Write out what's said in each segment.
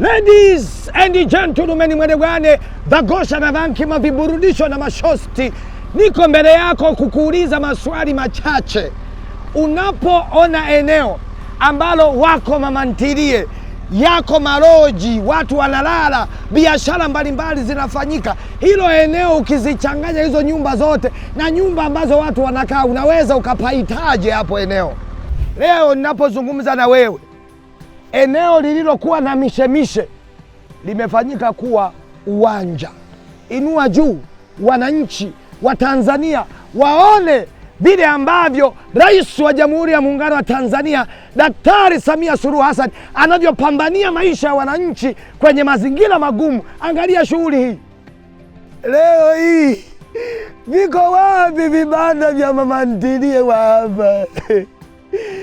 Ladies and gentlemen, mweregwane vagosha na vanki maviburudisho na mashosti, niko mbele yako kukuuliza maswali machache. Unapoona eneo ambalo wako mamantilie yako maroji, watu wanalala, biashara mbalimbali zinafanyika, hilo eneo ukizichanganya hizo nyumba zote na nyumba ambazo watu wanakaa, unaweza ukapahitaje hapo eneo? Leo ninapozungumza na wewe eneo lililokuwa na mishemishe limefanyika kuwa uwanja. Inua juu, wananchi wa Tanzania waone vile ambavyo Rais wa Jamhuri ya Muungano wa Tanzania Daktari Samia Suluhu Hassan anavyopambania maisha ya wananchi kwenye mazingira magumu. Angalia shughuli hii leo hii, viko wapi vibanda vya mama ntilie wa hapa?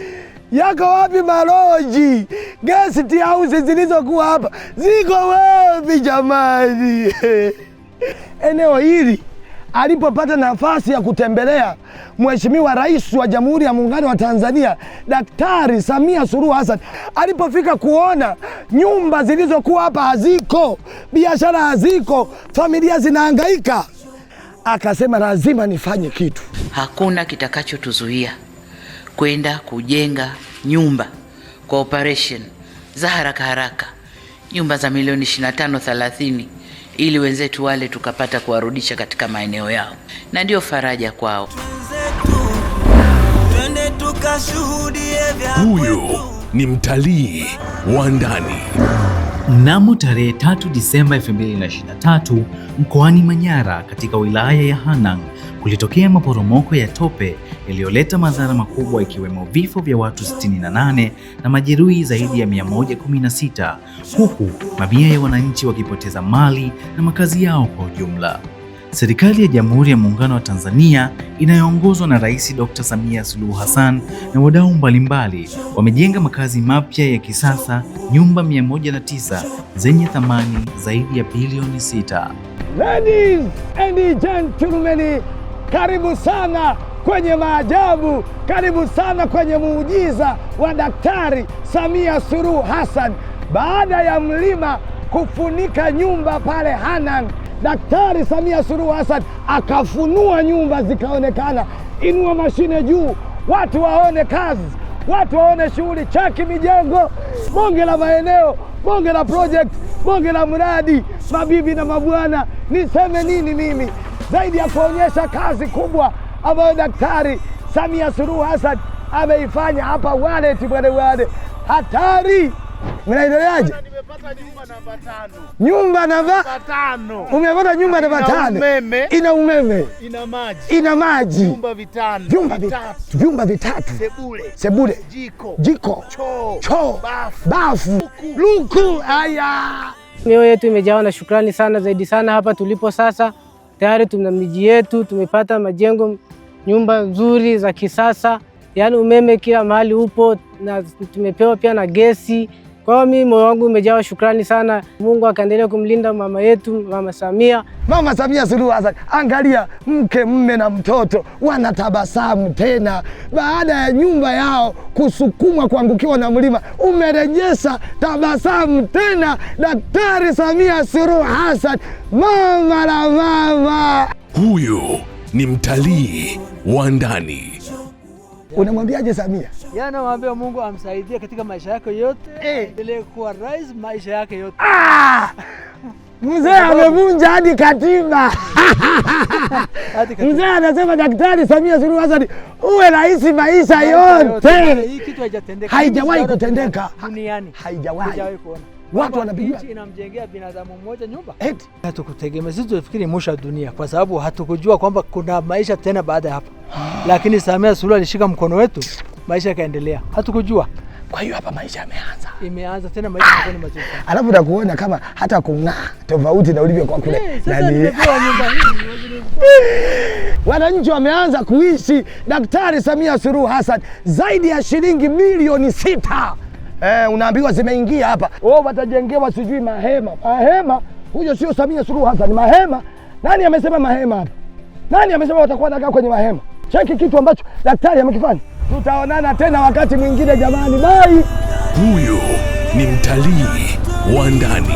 yako wapi? Maloji guest house zilizokuwa hapa ziko wapi jamani? eneo hili alipopata nafasi ya kutembelea Mheshimiwa Rais wa Jamhuri ya Muungano wa Tanzania Daktari Samia Suluhu Hassan, alipofika kuona nyumba zilizokuwa hapa haziko, biashara haziko, familia zinahangaika, akasema lazima nifanye kitu. Hakuna kitakachotuzuia kwenda kujenga nyumba kwa operation za haraka haraka, nyumba za milioni 25 30, ili wenzetu wale tukapata kuwarudisha katika maeneo yao, na ndio faraja kwao. Huyo ni mtalii wa ndani. Mnamo tarehe 3 Disemba 2023 mkoani Manyara katika wilaya ya Hanang kulitokea maporomoko ya tope yaliyoleta madhara makubwa ikiwemo vifo vya watu 68 na majeruhi zaidi ya 116 huku mamia ya wananchi wakipoteza mali na makazi yao kwa ujumla. Serikali ya Jamhuri ya Muungano wa Tanzania inayoongozwa na Rais Dr. Samia Suluhu Hassan na wadau mbalimbali wamejenga makazi mapya ya kisasa, nyumba 109 zenye thamani zaidi ya bilioni 6. Ladies and gentlemen, karibu sana kwenye maajabu, karibu sana kwenye muujiza wa Daktari Samia Suluhu Hassan baada ya mlima kufunika nyumba pale Hanang Daktari Samia Suluhu Hassan akafunua nyumba zikaonekana. Inua mashine juu, watu waone kazi, watu waone shughuli. Chaki mijengo, bonge la maeneo, bonge la project, bonge la mradi. Mabibi na mabwana, niseme nini mimi zaidi ya kuonyesha kazi kubwa ambayo Daktari Samia Suluhu Hassan ameifanya hapa Waleti, wale, Hatari, mnaendeleaje? nyumba namba tano umepata nyumba namba tano ina umeme ina maji ina maji vyumba vitano vyumba vitatu sebule sebule jiko jiko choo choo bafu bafu luku haya mioyo yetu imejawa na shukrani sana zaidi sana hapa tulipo sasa tayari tuna miji yetu tumepata majengo nyumba nzuri za kisasa yaani umeme kila mahali upo na tumepewa pia na gesi kwa hiyo mimi moyo wangu umejawa shukrani sana. Mungu akaendelea kumlinda mama yetu, mama Samia, mama Samia Suluhu Hassan. Angalia, mke mme na mtoto wanatabasamu tena baada ya nyumba yao kusukumwa kuangukiwa na mlima. Umerejesha tabasamu tena, Daktari Samia Suluhu Hassan, mama la mama. Huyu ni mtalii wa ndani Yaani. Unamwambiaje Samia? Yeye yaani anamwambia Mungu amsaidie katika maisha yake yote, eh. endelee kuwa rais maisha yake yote. Ah! Mzee amevunja hadi katiba. Mzee anasema Daktari Samia Suluhu Hassan uwe rais maisha yote. Hii kitu haijatendeka. Haijawahi kutendeka. Duniani. Haijawahi. Watu wanapiga. Nchi inamjengea binadamu mmoja nyumba. Eti hatukutegemea sisi, tufikiri mwisho wa dunia kwa sababu hatukujua kwamba kuna maisha tena baada ya hapa. Lakini Samia Suluhu alishika mkono wetu, maisha yakaendelea. Hatukujua. Kwa hiyo hapa maisha yameanza, imeanza tena maisha ni mazuri. Alafu nakuona kama hata kung'aa tofauti na kwa kule. Eh, Wananchi wameanza kuishi. Daktari Samia Suluhu Hassan, zaidi ya shilingi milioni sita eh, unaambiwa zimeingia hapa. Oh, watajengewa sijui mahema mahema. Huyo sio Samia Suluhu Hassan, mahema. Nani amesema mahema hapa? Nani amesema watakuwa nakaa kwenye mahema? Cheki kitu ambacho daktari amekifanya. Tutaonana tena wakati mwingine jamani, bye. Huyo ni mtalii wa ndani.